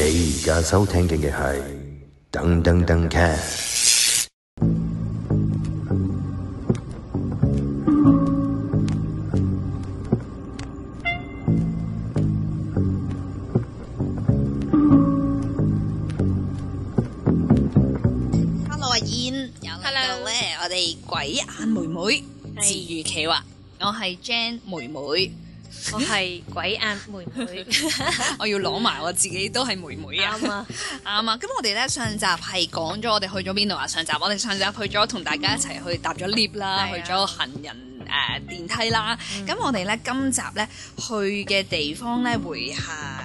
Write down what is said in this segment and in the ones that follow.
你而家收聽嘅係噔噔噔 cast。Hello 阿燕，Hello 咧，我哋鬼眼妹妹係如琪話，我係 Jen 妹妹。我係鬼眼妹妹， 我要攞埋我自己 都係妹妹啊！啱啊， 啱啊！咁我哋咧上集係講咗我哋去咗邊度啊？上集我哋上集去咗同大家一齊去搭咗 lift 啦，去咗行人誒電梯啦。咁我哋咧今集咧去嘅地方咧會係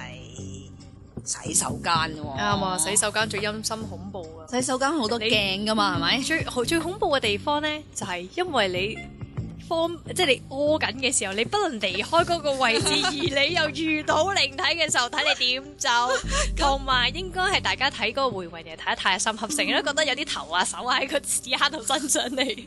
洗手間喎、哦。啱啊，洗手間最陰森恐怖啊！洗手間好多鏡噶嘛，係咪你 吧？最最恐怖嘅地方咧就係因為你。方即係你屙緊嘅時候，你不能離開嗰個位置， 而你又遇到靈體嘅時候，睇你點走。同埋 跟應該係大家睇嗰個回魂夜睇得太深，合成都覺得有啲頭啊手啊喺個指下度伸上嚟，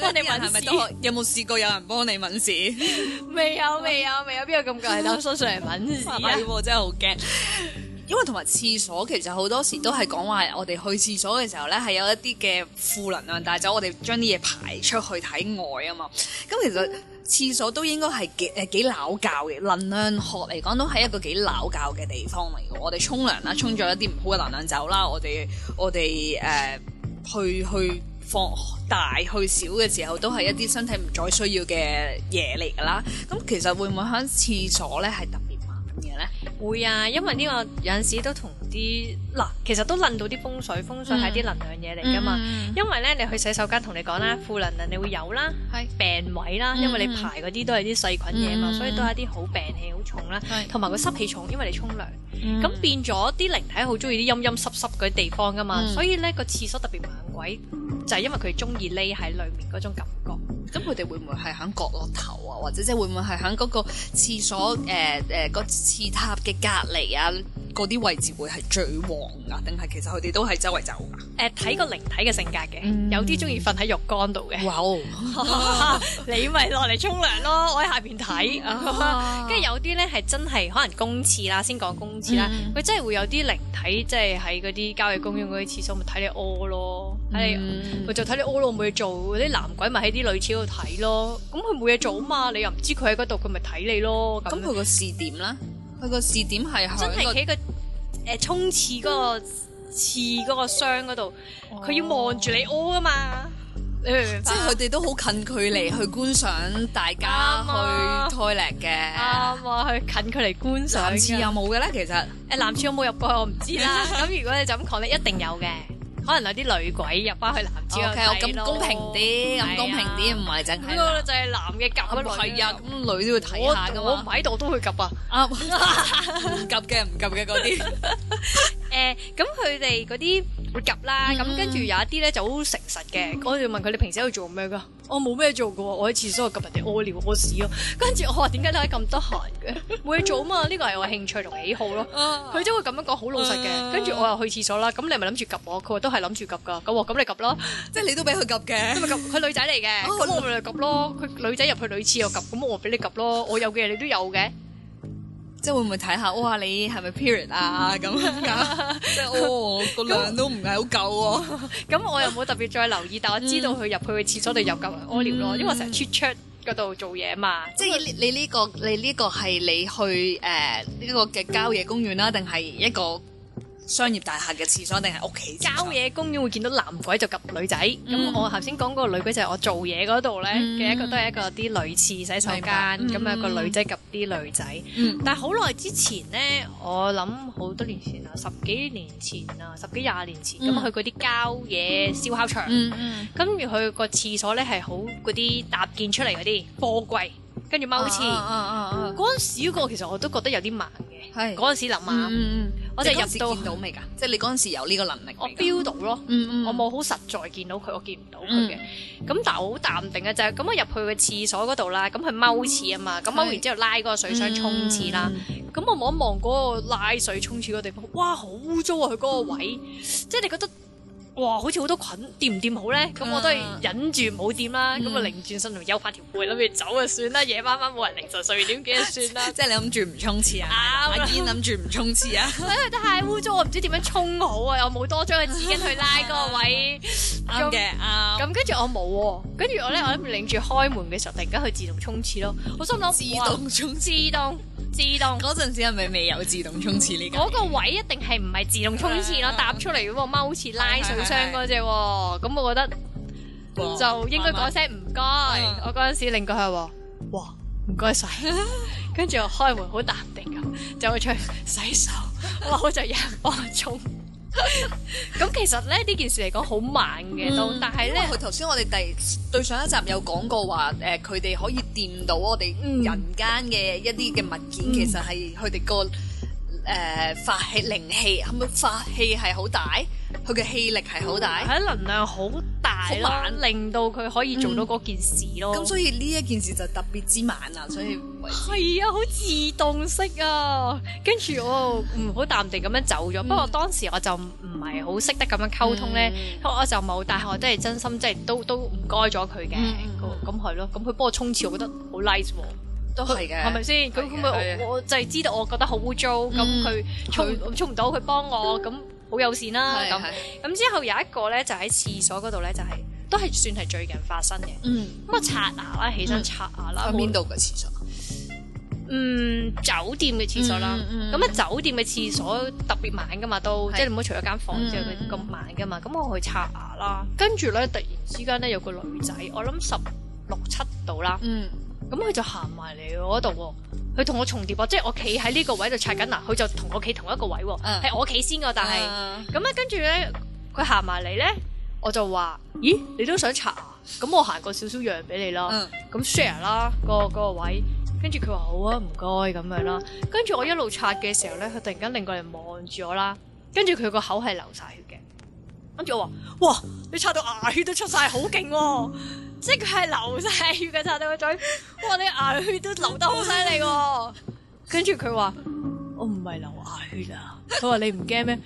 幫 你問係咪 士都好？有冇試過有人幫你問事？未 有未有未有邊個咁夠膽喺度伸上嚟問事？啊！ 真係好驚。因為同埋廁所其實好多時都係講話，我哋去廁所嘅時候呢，係有一啲嘅負能量帶走，我哋將啲嘢排出去體外啊嘛。咁其實廁所都應該係幾誒幾攪教嘅，能量學嚟講都係一個幾攪教嘅地方嚟嘅。我哋沖涼啦，沖咗一啲唔好嘅能量走啦，我哋我哋誒、呃、去去放大去小嘅時候，都係一啲身體唔再需要嘅嘢嚟㗎啦。咁其實會唔會喺廁所呢？係特別？嘅會啊，因為呢個有陣時都同啲嗱，其實都論到啲風水，風水係啲能量嘢嚟噶嘛。嗯嗯嗯、因為呢，你去洗手間，同你講啦，負、嗯、能能你會有啦，是病位啦，嗯、因為你排嗰啲都係啲細菌嘢嘛，嗯嗯、所以都係啲好病氣好重啦，同埋個濕氣重，因為你沖涼，咁、嗯、變咗啲靈體好中意啲陰陰濕濕嗰啲地方噶嘛，嗯、所以呢個廁所特別猛鬼，就係因為佢中意匿喺裏面嗰種感覺。咁佢哋會唔會係喺角落頭啊？或者即係會唔會係喺嗰個廁所誒誒、嗯呃個廁塔嘅隔籬啊？嗰啲位置會係最旺啊？定係其實佢哋都係周圍走噶、啊？誒睇個靈體嘅性格嘅，嗯、有啲中意瞓喺浴缸度嘅。哇、哦！ 你咪落嚟沖涼咯，我喺下邊睇。跟住、啊、 有啲咧係真係可能公廁啦，先講公廁啦。佢、嗯、真係會有啲靈體即係喺嗰啲郊野公園嗰啲廁所咪睇你屙咯。係，咪、嗯、就睇你屙咯？冇嘢做，啲男鬼咪喺啲女廁度睇咯。咁佢冇嘢做啊嘛，嗯、你又唔知佢喺嗰度，佢咪睇你咯。咁佢個視點啦，佢個視點係喺、嗰個誒沖廁嗰、嗰個廁嗰個箱嗰度，佢要望住你屙㗎嘛。哦、即係佢哋都好近距離去觀賞大家去 toilet 嘅，啱話去近距離觀賞。男廁有冇嘅咧？其實誒，嗯、男廁有冇入過去我唔知啦。咁 如果你就咁講咧，你一定有嘅。 可能有啲女鬼入翻去男廁啊，咁、okay, 吧公平啲，咁、啊、公平啲，唔係真係。就係男嘅 𥄫，唔係啊，咁女都要睇下㗎。我唔喺度都會 𥄫 啊。啱。 唔 𥄫 嘅唔 𥄫 嘅嗰啲。 誒，咁佢哋嗰啲會 𥄫 啦，咁跟住有一啲咧就好誠實嘅。我就問佢：你平時喺度做咩噶？我冇咩做噶，我喺廁所度 𥄫 人哋屙尿屙屎咯。跟住我話：點解你喺咁得閒嘅？冇嘢做啊嘛，呢個係我興趣同喜好咯。佢即係會咁樣講好老實嘅。跟住我又去廁所啦。咁你咪諗住 𥄫 我？佢話都係諗住 𥄫 噶。咁我咁你 𥄫 啦，即係你都俾佢 𥄫 嘅。佢女仔嚟嘅，咁我咪嚟 𥄫 咯。佢女仔入去女廁又 𥄫，咁我俾你 𥄫 咯。我有嘅嘢，你都有嘅。即係會唔會睇下？哇！你係咪 period 啊？咁樣㗎？即係屙個量都唔係好夠喎。咁 我又冇特別再留意，但我知道佢入去個廁所度又咁屙尿咯，嗯嗯、因為成日出出嗰度做嘢嘛。即係你呢、呢個，你呢個係你去誒呢、呃呢個嘅郊野公園啦，定係一個？商業大廈嘅廁所定係屋企郊野公園？會見到男鬼就及女仔。咁我頭先講嗰女鬼就係我做嘢嗰度咧嘅一個都係一個啲女廁洗手間，咁啊個女仔及啲女仔。但係好耐之前咧，我諗好多年前啦，十幾年前啦，十幾廿年前，咁去嗰啲郊野燒烤場，跟住佢個廁所咧係好嗰啲搭建出嚟嗰啲貨櫃，跟住踎廁。嗰陣時個其實我都覺得有啲猛嘅，嗰陣時諗啊。我就入到見到咩㗎？即係你嗰陣時有呢個能力，我 feel 到咯。嗯嗯、我冇好實在見到佢，我見唔到佢嘅。咁、嗯、但係好淡定嘅就係、是，咁我入去個廁所嗰度啦。咁佢踎廁啊嘛。咁踎、嗯、完之後拉嗰個水箱沖廁啦。咁、嗯、我望一望嗰個拉水沖廁嗰地方，哇！好污糟啊！佢、那、嗰個位，嗯、即係你覺得。哇，好似好多菌，掂唔掂好咧？咁我都係忍住冇掂啦。咁啊、嗯，擰轉身同休翻條背，諗住走啊，算啦。夜班班冇人凌晨十二點幾啊，就算啦。 即係你諗住唔沖廁啊？阿堅諗住唔沖廁啊？因為太污糟，我唔知點樣沖好啊。我冇多張嘅紙巾去拉嗰個位。啱嘅、 嗯，啱。咁跟住我冇喎，跟住我咧，我喺度拎住開門嘅時候，突然間佢自動沖廁咯。我心諗自動沖哇，自動自動。嗰陣 時係咪未有自動沖廁呢？嗰 個位一定係唔係自動沖廁咯？ 啊、搭出嚟嗰個踎廁好似拉上。對對對對上嗰隻咁，嗯、我覺得哇就應該講聲唔該。對 我嗰陣時轉過去，哇唔該晒。跟住又開門，好淡定咁就出去出洗手。 哇，好在有人幫我沖。咁 其實咧呢件事嚟講好慢嘅都，嗯、但係咧佢頭先我哋第對上一集有講過話，誒佢哋可以掂到我哋人間嘅一啲嘅物件，嗯、其實係佢哋嘅。嗯誒，發氣靈氣係咪發氣係好大？佢嘅氣力係好大，係、哦、能量好大咯，猛令到佢可以做到嗰件事咯。咁、嗯、所以呢一件事就特別之猛啊，所以係、嗯、喂啊，好自動式啊，跟住我唔好淡定咁樣走咗。嗯、不過當時我就唔係好識得咁樣溝通咧、嗯，我就冇。但係我都係真心，即係都都唔該咗佢嘅。咁係、嗯、咯，咁佢幫我沖廁，我覺得好 nice 喎。嗯嗯都係嘅，係咪先？佢佢我就係知道，我覺得好污糟，咁佢沖沖唔到，佢幫我，咁好友善啦。咁咁之後有一個咧，就喺廁所嗰度咧，就係都係算係最近發生嘅。咁我刷牙啦，起身刷牙啦。去邊度嘅廁所？嗯，酒店嘅廁所啦。咁啊，酒店嘅廁所特別猛噶嘛，都即係唔好除咗間房之外，佢咁猛噶嘛。咁我去刷牙啦，跟住咧，突然之間咧，有個女仔，我諗十六七度啦。嗯。咁佢就行埋嚟我嗰度，佢同我重疊喎，即係我企喺呢個位度擦緊嗱，佢、嗯、就同我企同一個位，係、嗯、我企先嘅，但係咁啊，跟住咧佢行埋嚟咧，我就話：咦，你都想擦？咁、嗯、我行、嗯個少少讓俾你啦。咁 share 啦，個嗰個位，跟住佢話好啊，唔該咁樣啦。跟住我一路擦嘅時候咧，佢突然間擰過嚟望住我啦，跟住佢個口係流晒血嘅，跟住我話：哇，你擦到牙血都出晒，好勁、哦！ 即係佢流晒血㗎咋，你個嘴，哇！你牙血都流得好犀利，跟住佢話：我唔係流牙血啊！佢話你唔驚咩？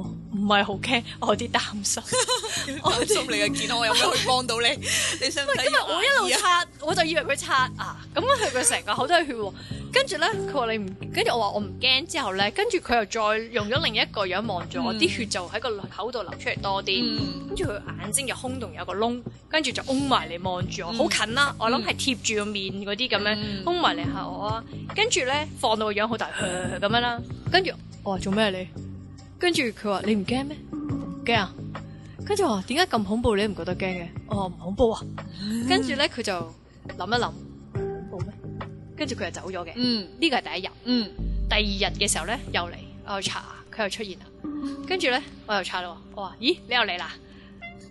唔係好驚，我有啲擔心。我祝 你嘅健康， 我有咩可以幫到你？ 你想想我今日我一路刷，我就以為佢刷牙，咁啊，佢成個口都係血。跟住咧，佢話你唔，跟住我話我唔驚。之後咧，跟住佢又再用咗另一個樣望住我，啲血就喺個口度流出嚟多啲。跟住佢眼睛嘅空洞有個窿，跟住就窿埋嚟望住我，好近啦。我諗係貼住個面嗰啲咁樣，窿埋嚟吓我啊。跟住咧，放到個樣好大，咁、呃、樣啦。跟住我話做咩你、啊？跟住佢話你唔驚咩？驚啊！跟住話點解咁恐怖？你唔覺得驚嘅？哦，唔恐怖啊！跟住咧，佢就諗一諗，恐怖咩？跟住佢又走咗嘅。嗯，呢、這個係第一日。嗯，第二日嘅時候咧又嚟，我又刷牙佢又出現啦。跟住咧我又刷咯，我話咦你又嚟啦？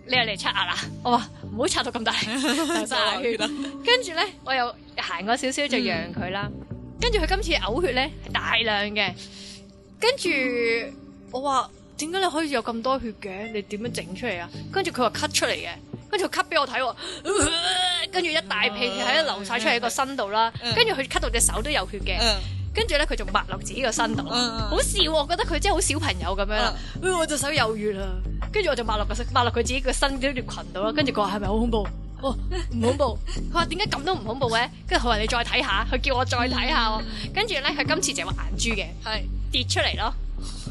你又嚟刷牙啦？我話唔好刷到咁大，晒 血啦。 跟住咧我又行過少少就讓佢啦、嗯。跟住佢今次嘔血咧係大量嘅，跟住。我話點解你可以有咁多血嘅？你點樣整出嚟啊？跟住佢話 cut 出嚟嘅，跟住 cut 俾我睇、哦呃，跟住一大片喺流晒出嚟個身度啦。跟住佢 cut 到隻手都有血嘅，跟住咧佢仲抹落自己個身度，好笑我、哦、覺得佢真係好小朋友咁樣啦、呃。我隻手有血啦，跟住我就抹落個抹落佢自己個身啲條裙度啦。跟住佢話係咪好恐怖？哦，唔恐怖。佢話點解咁都唔恐怖嘅？跟住佢話你再睇下，佢叫我再睇下、哦。跟住咧，佢今次就話眼珠嘅，係跌出嚟咯。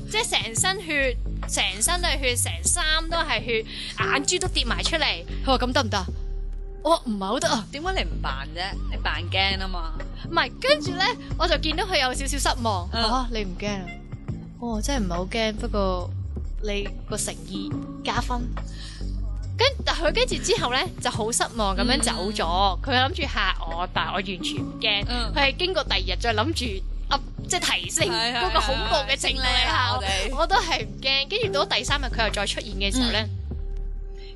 即係成身血，成身都係血，成衫都係血，眼珠都跌埋出嚟。佢話咁得唔得？我話唔係好得啊。點解你唔扮啫？你扮驚啊嘛？唔係，跟住咧，我就見到佢有少少失望。吓、啊啊，你唔驚啊？我、哦、真係唔係好驚，不過你個誠意加分。跟但佢跟住之後咧，就好失望咁樣走咗。佢諗住嚇我，但係我完全唔驚。佢係、嗯、經過第二日再諗住。噏、啊、即係提升嗰 個恐怖嘅情理吓 我哋，我都係唔驚。跟住到第三日佢又再出現嘅時候咧，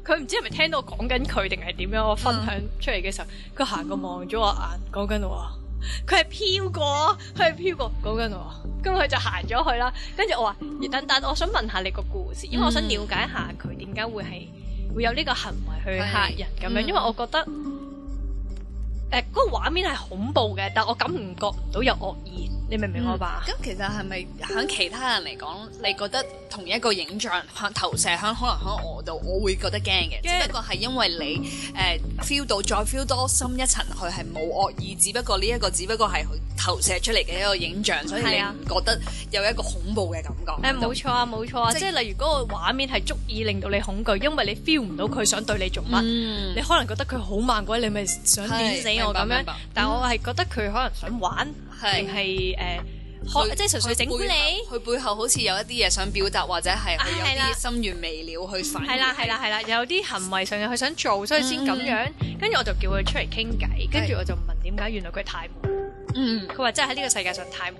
佢唔、嗯、知係咪聽到我講緊佢定係點樣？嗯、我分享出嚟嘅時候，佢行過望咗我眼，講緊我話佢係飄過，佢係飄過，講緊我，跟住佢就行咗去啦。跟住我話，嗯、等等，我想問下你個故事，因為我想了解下佢點解會係會有呢個行為去吓人咁樣，嗯、因為我覺得。誒，嗰個畫面係恐怖嘅，但我感唔覺到有惡意，你明唔明我吧？咁其實係咪喺其他人嚟講，你覺得同一個影像投射喺可能喺我度，我會覺得驚嘅？只不過係因為你誒 feel 到再 feel 多深一層，佢係冇惡意，只不過呢一個只不過係佢投射出嚟嘅一個影像，所以你唔覺得有一個恐怖嘅感覺？誒，冇錯啊，冇錯啊，即係例如嗰個畫面係足以令到你恐懼，因為你 feel 唔到佢想對你做乜，你可能覺得佢好猛鬼，你咪想點死？我咁樣，但我係覺得佢可能想玩，係定係誒，即係純粹整蠱你。佢背後好似有一啲嘢，想表達，或者係有啲心願未了去。係啦，係啦，係啦，有啲行為上嘅佢想做，所以先咁樣。跟住我就叫佢出嚟傾偈，跟住我就問點解，原來佢太悶。嗯，佢話真係喺呢個世界上太悶。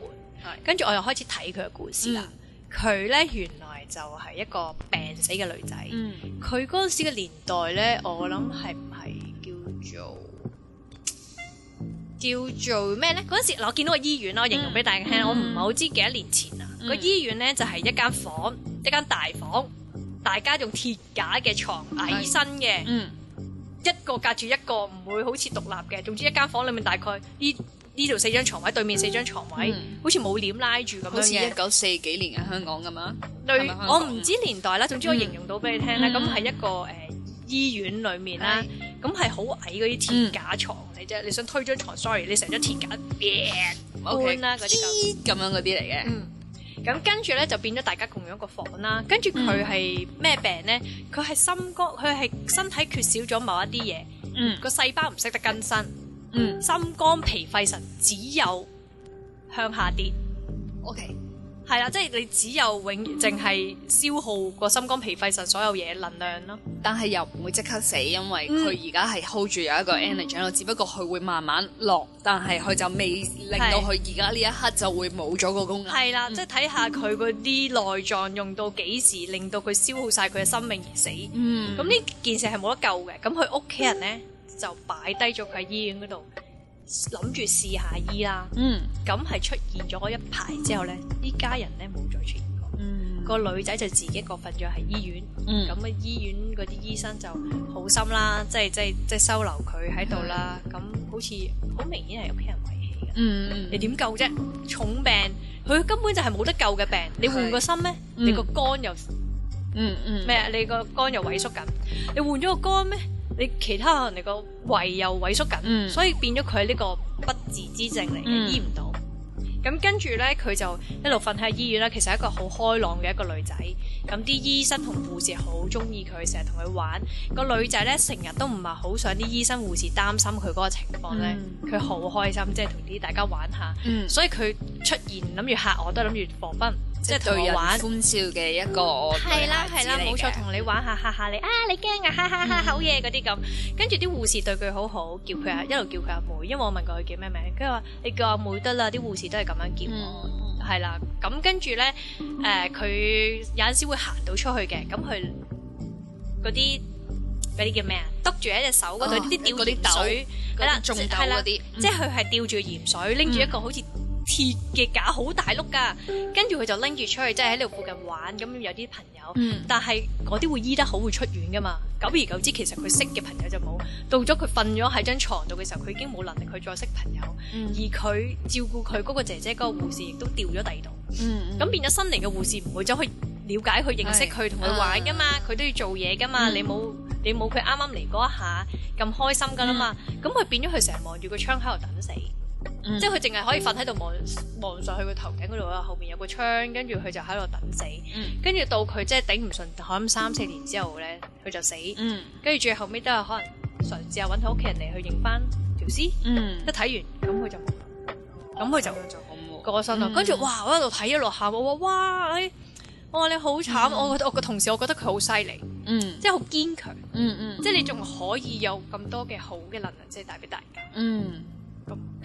跟住我又開始睇佢嘅故事啦。佢咧原來就係一個病死嘅女仔。佢嗰時嘅年代咧，我諗係唔係叫做？叫做咩咧？嗰陣時，我見到個醫院咯，形容俾大家聽，我唔係好知幾多年前啊。個醫院咧就係一間房，一間大房，大家用鐵架嘅床，矮身嘅，一個隔住一個，唔會好似獨立嘅。總之一間房裡面大概呢呢度四張床位，對面四張床位，好似冇簾拉住咁樣嘅。好似一九四幾年嘅香港咁啊？對，我唔知年代啦。總之我形容到俾你聽咧，咁係一個誒醫院裡面啦。咁係好矮嗰啲鐵架床嚟啫，嗯、你想推張床，sorry，你成張鐵架 OK，啦嗰啲咁樣嗰啲嚟嘅。咁跟住咧就變咗大家共享個房啦。跟住佢係咩病咧？佢係心肝，佢係身體缺少咗某一啲嘢。嗯，個細胞唔識得更新。嗯，心肝脾肺腎只有向下跌。OK。係啦，即係你只有永淨係消耗個心肝脾肺腎所有嘢、能量咯、啊。但係又唔會即刻死，因為佢而家係 hold 住有一個 energy 咯、嗯。只不過佢會慢慢落，但係佢就未令到佢而家呢一刻就會冇咗個功能。係啦了，嗯、即係睇下佢嗰啲內臟用到幾時，令到佢消耗晒佢嘅生命而死。咁呢、嗯、件事係冇得救嘅。咁佢屋企人咧、嗯、就擺低咗佢喺醫院嗰度。諗住試下醫啦，咁係、嗯、出現咗一排之後咧，呢家人咧冇再出現過，嗯、個女仔就自己一個瞓咗喺醫院，咁啊、嗯、醫院嗰啲醫生就好心啦，即係即係即係收留佢喺度啦，咁、嗯、好似好明顯係屋企人遺棄嘅，嗯嗯、你點救啫？重病，佢根本就係冇得救嘅病，你換個心咩？嗯、你個肝又，嗯嗯，咩、嗯、啊、嗯？你個肝又萎縮緊，你換咗個肝咩？你其他人你個胃又萎縮緊，嗯、所以變咗佢呢個不治之症嚟，醫唔、嗯、到。咁跟住咧，佢就一路瞓喺醫院啦。其實係一個好開朗嘅一個女仔。咁啲醫生同護士好中意佢，成日同佢玩。個女仔咧，成日都唔係好想啲醫生護士擔心佢嗰個情況咧。佢好、嗯、開心，即係同啲大家玩下。嗯、所以佢出現諗住嚇我都諗住防奔，即係是同人歡笑嘅一個我、嗯。係啦係啦，冇、啊、的錯，同你玩下嚇嚇你啊！你驚啊哈哈哈，好嘢嗰啲咁。跟住啲護士對佢好好，叫佢阿、啊、一路叫佢阿妹，因為我問過佢叫咩名，佢話你叫阿妹得啦。啲護士都係咁。咁樣見我，係啦、嗯。咁跟住咧，誒，佢、呃、有陣時會行到出去嘅。咁佢嗰啲嗰啲叫咩啊？篤住一隻手嗰度，啲、哦、吊鹽水，係啦，仲豆嗰啲，即係佢係吊住鹽水，拎住了一個好似，嗯鐵嘅架好大碌噶，跟住佢就拎住出去，即係喺呢度附近玩。咁有啲朋友，嗯、但係嗰啲會醫得好會出院噶嘛？久而久之，其實佢識嘅朋友就冇。到咗佢瞓咗喺張床度嘅時候，佢已經冇能力去再識朋友。嗯、而佢照顧佢嗰個姐姐，嗰個護士亦都掉咗第二度。咁、嗯、變咗新嚟嘅護士唔會走去了解佢、認識佢、同佢是玩噶嘛？佢、啊、都要做嘢噶嘛？嗯、你冇你冇佢啱啱嚟嗰下咁開心噶啦嘛？咁佢變咗，佢成日望住個窗口度等死。即係佢淨係可以瞓喺度望望上去個頭頂嗰度啊，後面有個窗，跟住佢就喺度等死。跟住到佢即係頂唔順，可能三四年之後咧，佢就死。跟住最後尾都係可能嘗試下揾佢屋企人嚟去認翻條屍。一睇完咁佢就冇，咁佢就咁過身啦。跟住哇，我喺度睇一路喊，我話哇，我話你好慘。我我個同事我覺得佢好犀利，即係好堅強，即係你仲可以有咁多嘅好嘅能量，即係帶俾大家，嗯。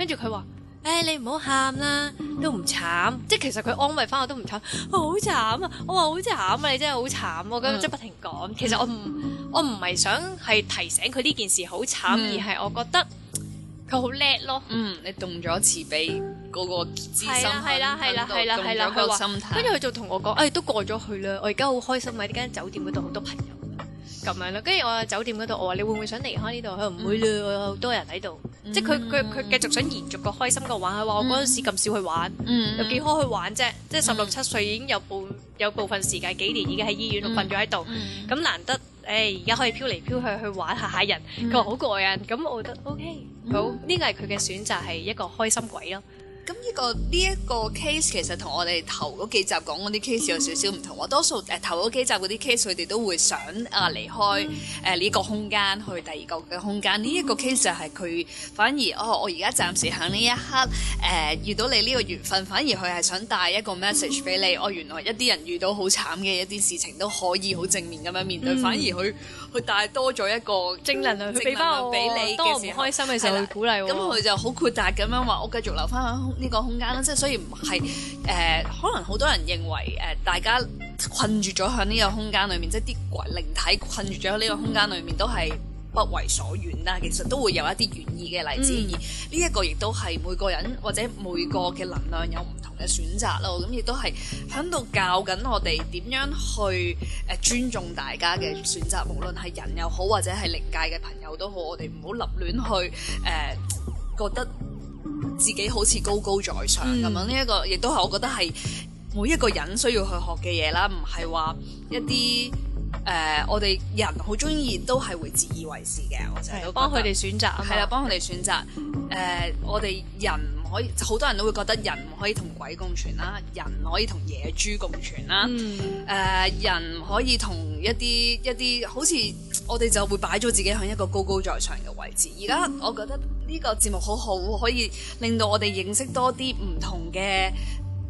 跟住佢話，誒、欸，你唔好喊啦，都唔慘，即係其實佢安慰翻我都唔慘，好慘啊！我話好慘啊！你真係好慘，我咁即係不停講。其實我唔，我唔係想係提醒佢呢件事好慘，嗯、而係我覺得佢好叻咯。嗯，你動咗慈悲，嗰個知心翻喺度咁樣個心態。跟住佢就同我講，誒、欸，都過咗去啦，我而家好開心喎！呢間酒店嗰度好多朋友，咁樣咯。跟住我話酒店嗰度，我話你會唔會想離開呢度？佢唔會啦，我有好多人喺度。即係佢佢佢繼續想延續個開心個玩，佢話我嗰陣時咁少去玩，又幾、嗯、好去玩啫！即係、嗯、十六七歲已經有部有部分時間幾年已經喺醫院度瞓咗喺度，咁、嗯嗯、難得誒而家可以飄嚟飄去去玩下下人，佢話好過癮，咁我覺得 OK，好呢個係佢嘅選擇係一個開心鬼咯。咁呢、這個呢一、這個 case 其實同我哋頭嗰幾集講嗰啲 case 有少少唔同，我多數誒、呃、頭嗰幾集嗰啲 case 佢哋都會想啊離開誒呢、呃這個空間去第二個嘅空間，呢、這、一個 case 就係佢反而哦我而家暫時喺呢一刻誒、呃、遇到你呢個緣分，反而佢係想帶一個 message 俾你，嗯、哦原來一啲人遇到好慘嘅一啲事情都可以好正面咁樣面對，嗯、反而佢。佢帶多咗一個正能量嘅能量俾你嘅時候，唔開心嘅時候啦鼓勵，咁佢就好豁達咁樣話，我繼續留翻響呢個空間啦。即係所以唔係誒可能好多人認為誒大家困住咗響呢個空間裏面，即係啲靈體困住咗呢個空間裏面都係不為所願啦。其實都會有一啲願意嘅例子，嗯、而呢一個亦都係每個人或者每個嘅能量有唔。嘅選擇咯，咁亦都係喺度教緊我哋點樣去誒尊重大家嘅選擇，無論係人又好，或者係靈界嘅朋友都好，我哋唔好立亂去誒、呃、覺得自己好似高高在上咁、嗯、樣。呢一個亦都係我覺得係每一個人需要去學嘅嘢啦，唔係話一啲。誒，uh, 我哋人好中意都係會自以為是嘅，我成日都幫佢哋選擇，係啦吧，幫佢哋選擇。誒，uh，我哋人唔可以，好多人都會覺得人唔可以同鬼共存啦，人唔可以同野豬共存啦，誒，mm. uh, 人可以同一啲一啲，好似我哋就會擺咗自己喺一個高高在上嘅位置。而家我覺得呢個節目好好，可以令到我哋認識多啲唔同嘅。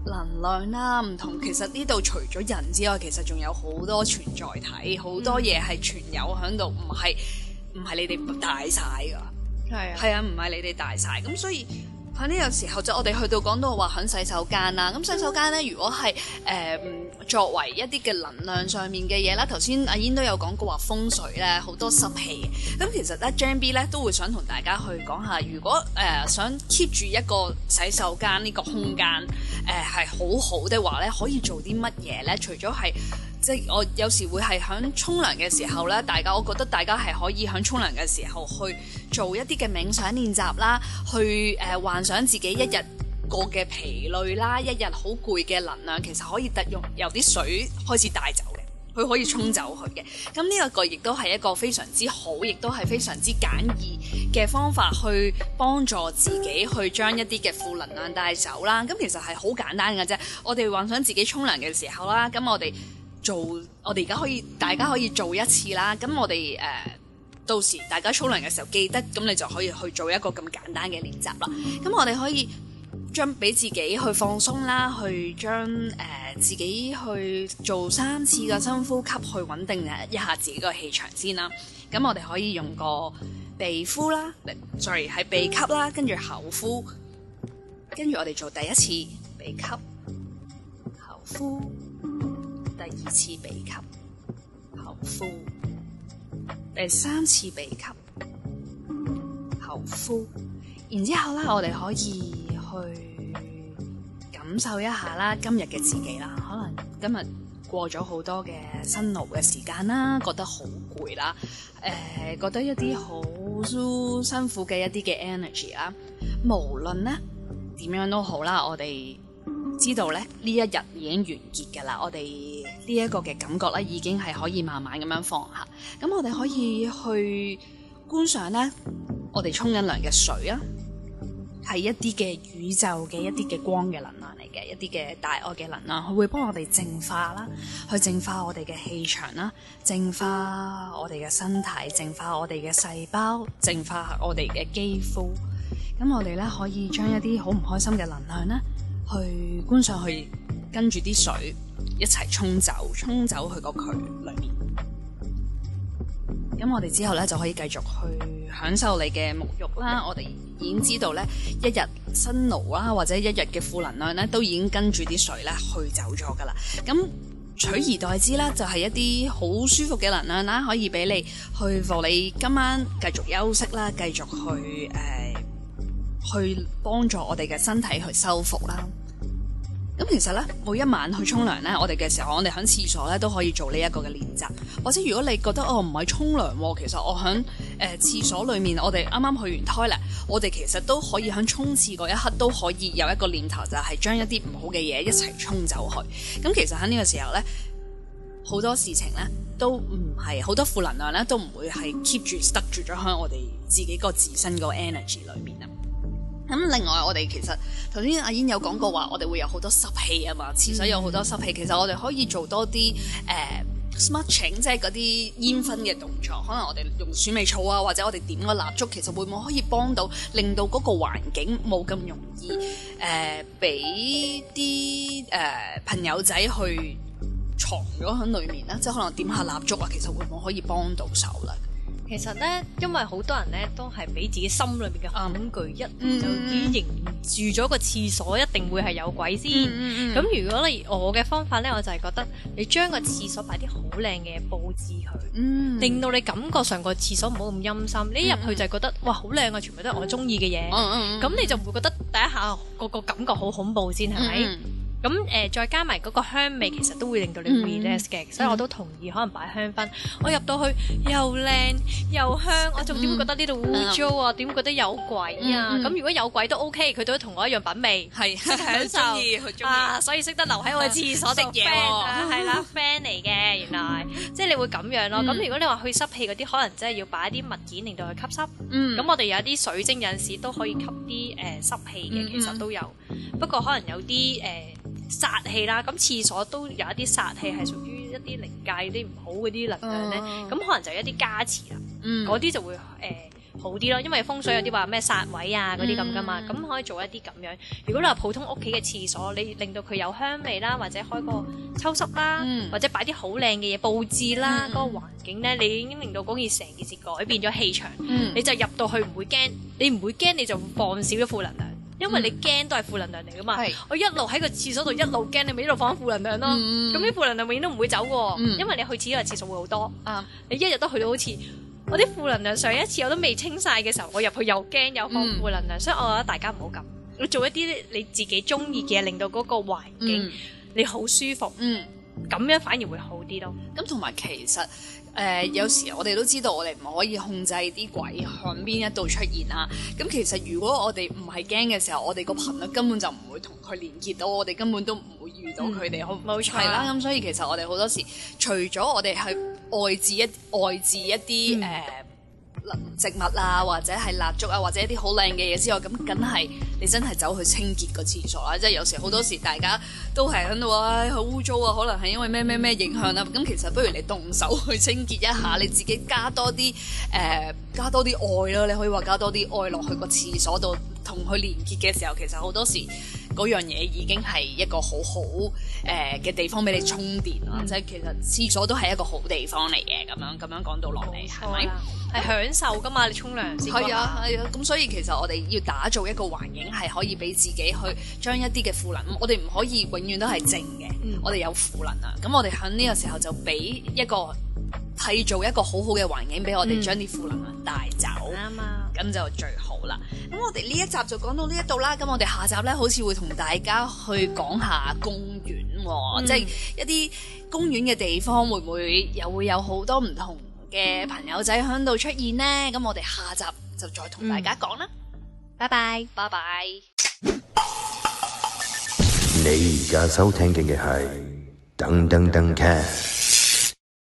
能量啦、啊，唔同。其實呢度除咗人之外，其實仲有好多存在體，好多嘢係存有響度，唔係唔係你哋大晒㗎。係、嗯、啊，係啊，唔係你哋大晒。咁所以。反正有時候就我哋去到講到話響洗手間啊，咁洗手間咧，如果係誒、呃、作為一啲嘅能量上面嘅嘢啦，頭先阿燕都有講過話風水咧好多濕氣，咁其實咧 Jen B 咧都會想同大家去講下，如果誒、呃、想 keep 住一個洗手間呢個空間誒係、呃、好好嘅話咧，可以做啲乜嘢咧？除咗係。即係我有時會係響沖涼嘅時候咧，大家我覺得大家係可以響沖涼嘅時候去做一啲嘅冥想練習啦，去誒、呃、幻想自己一日過嘅疲累啦，一日好攰嘅能量其實可以突用由啲水開始帶走嘅，佢可以沖走佢嘅。咁呢一個亦都係一個非常之好，亦都係非常之簡易嘅方法去幫助自己去將一啲嘅負能量帶走啦。咁其實係好簡單嘅啫，我哋幻想自己沖涼嘅時候啦，咁我哋。做我哋而家可以，大家可以做一次啦。咁我哋誒、呃、到時大家沖涼嘅時候記得，咁你就可以去做一個咁簡單嘅練習啦。咁我哋可以將俾自己去放鬆啦，去將誒、呃、自己去做三次嘅深呼吸，去穩定一一下自己個氣場先啦。咁我哋可以用個鼻呼啦，sorry 係鼻吸啦，跟住口呼，跟住我哋做第一次鼻吸口呼，二次鼻吸口呼，第三次鼻吸口呼，然之後咧，我哋可以去感受一下啦，今日嘅自己啦。可能今日過咗好多嘅辛勞嘅時間啦，覺得好攰啦，誒、呃，覺得一啲好辛苦嘅一啲嘅 energy 啦。無論咧點樣都好啦，我哋。知道咧呢一日已經完結噶啦，我哋呢一個嘅感覺咧已經係可以慢慢咁樣放下。咁我哋可以去觀賞咧，我哋沖緊涼嘅水啊，係一啲嘅宇宙嘅一啲嘅光嘅能量嚟嘅，一啲嘅大愛嘅能量，佢會幫我哋淨化啦，去淨化我哋嘅氣場啦，淨化我哋嘅身體，淨化我哋嘅細胞，淨化我哋嘅肌膚。咁我哋咧可以將一啲好唔開心嘅能量咧，去觀賞，去跟住啲水一齊沖走，沖走去個渠裏面。咁我哋之後呢，就可以繼續去享受你嘅沐浴啦。我哋已經知道呢，一日辛勞啦，或者一日嘅負能量呢，都已經跟住啲水呢去走咗噶啦。咁取而代之呢，就係、是、一啲好舒服嘅能量啦，可以俾你去助你今晚繼續休息啦，繼續去誒、呃，去幫助我哋嘅身體去修復啦。咁其實咧，每一晚去沖涼咧，我哋嘅時候，我哋喺廁所咧都可以做呢一個嘅練習。或者如果你覺得哦唔係沖涼，其實我喺誒廁所裏面，我哋啱啱去完胎咧，我哋其實都可以喺沖廁嗰一刻都可以有一個念頭，就係、是、將一啲唔好嘅嘢一齊沖走去。咁其實喺呢個時候咧，好多事情咧都唔係好多負能量咧，都唔會係 keep 住 stuck 住咗喺我哋自己個自身個 energy 裏面啊。.咁另外，我哋其實頭先阿煙有講過話我哋會有好多濕氣啊嘛，廁所有好多濕氣、嗯、其實我哋可以做多啲誒、uh, smudging 即係啲煙熏嘅動作。可能我哋用鼠尾草啊，或者我哋點個蠟燭其實會唔會可以幫到，令到個環境冇咁容易誒俾啲誒朋友仔去藏咗響裏面咧。即係可能點下蠟燭啊，其實會唔會可以幫到手啦。其實咧，因為好多人咧都係俾自己心裏面嘅恐懼，嗯、一就已形住咗個廁所，一定會係有鬼先。咁、嗯嗯、如果你我嘅方法咧，我就係覺得你將個廁所擺啲好靚嘅布置佢，嗯、令到你感覺上個廁所唔好咁陰森。嗯、你一入去就係覺得哇，好靚啊，全部都係我中意嘅嘢。咁、嗯嗯嗯、你就唔會覺得第一下個個感覺好恐怖先，係咪？嗯嗯咁誒，再加埋嗰個香味，其實都會令到你 relax 嘅，所以我都同意可能擺香薰。我入到去又靚又香，我仲點會覺得呢度污糟啊？點覺得有鬼啊？咁如果有鬼都 OK，佢都同我一樣品味，係係好中意佢中意啊，所以識得留喺我嘅廁所啲嘢喎，係啦，friend 嚟嘅原來，即係你會咁樣咯。咁如果你話去濕氣嗰啲，可能真係要擺一啲物件令到佢吸濕。嗯，咁我哋有啲水晶有陣時都可以吸啲誒濕氣嘅，其實都有，不過可能有啲誒。煞氣啦，咁廁所都有一啲煞氣，係屬於一啲靈界啲唔好嗰啲能量咧，咁、uh. 可能就一啲加持啦，嗰啲、mm. 就會誒、呃、好啲咯，因為風水有啲話咩煞位啊嗰啲咁噶嘛，咁、mm. 可以做一啲咁樣。如果你話普通屋企嘅廁所，你令到佢有香味啦，或者開個抽濕啦，mm. 或者擺啲好靚嘅嘢佈置啦，嗰、mm. 個環境咧，你已經令到嗰件成件事改變咗氣場，mm. 你就入到去唔會驚，你唔會驚你就放少咗負能量。因為你驚都係負能量嚟噶嘛，我一路喺個廁所度一路驚，你咪一路放負能量咯。咁啲負能量永遠都唔會走嘅，因為你去次一個廁所會好多。你一日都去到好似我啲負能量上一次我都未清曬嘅時候，我入去又驚又放負能量，所以我覺得大家唔好咁，你做一啲你自己中意嘅，令到嗰個環境你好舒服，咁樣反而會好啲咯。咁同埋其實。誒、uh, 有時我哋都知道，我哋唔可以控制啲鬼向邊一度出現啊，咁其實如果我哋唔係驚嘅時候，我哋個頻率根本就唔會同佢連結到，我哋根本都唔會遇到佢哋。嗯、好，冇錯。係啦，咁所以其實我哋好多時，除咗我哋係外置一外置一啲誒。嗯 uh, 植物啊，或者係蠟燭啊，或者一啲好靚嘅嘢之外，咁梗係你真係走去清潔個廁所啦。即係有時好多時，大家都係喺度話好污糟啊，可能係因為咩咩咩影響啊。咁其實不如你動手去清潔一下，你自己加多啲誒、呃，加多啲愛啦。你可以話加多啲愛落去個廁所度。同佢連結嘅時候，其實好多時嗰樣嘢已經係一個好好誒嘅地方俾你充電啦，嗯、即係其實廁所都係一個好地方嚟嘅，咁樣咁樣講到落嚟係咪？係享受噶嘛？你沖涼先係啊，係啊。咁所以其實我哋要打造一個環境係可以俾自己去將一啲嘅負能，我哋唔可以永遠都係靜嘅，嗯、我哋有負能啊，咁我哋喺呢個時候就俾一個。製造一個好好嘅環境俾我哋，將啲負能量帶走，啱啊！咁就最好啦。咁我哋呢一集就講到呢一度啦。咁我哋下集咧，好似會同大家去講下公園，即係一啲公園嘅地方，會唔會又會有好多唔同嘅朋友仔響度出現呢？咁我哋下集就再同大家講啦。拜拜，拜拜。你而家收聽緊嘅係燈登登 cast。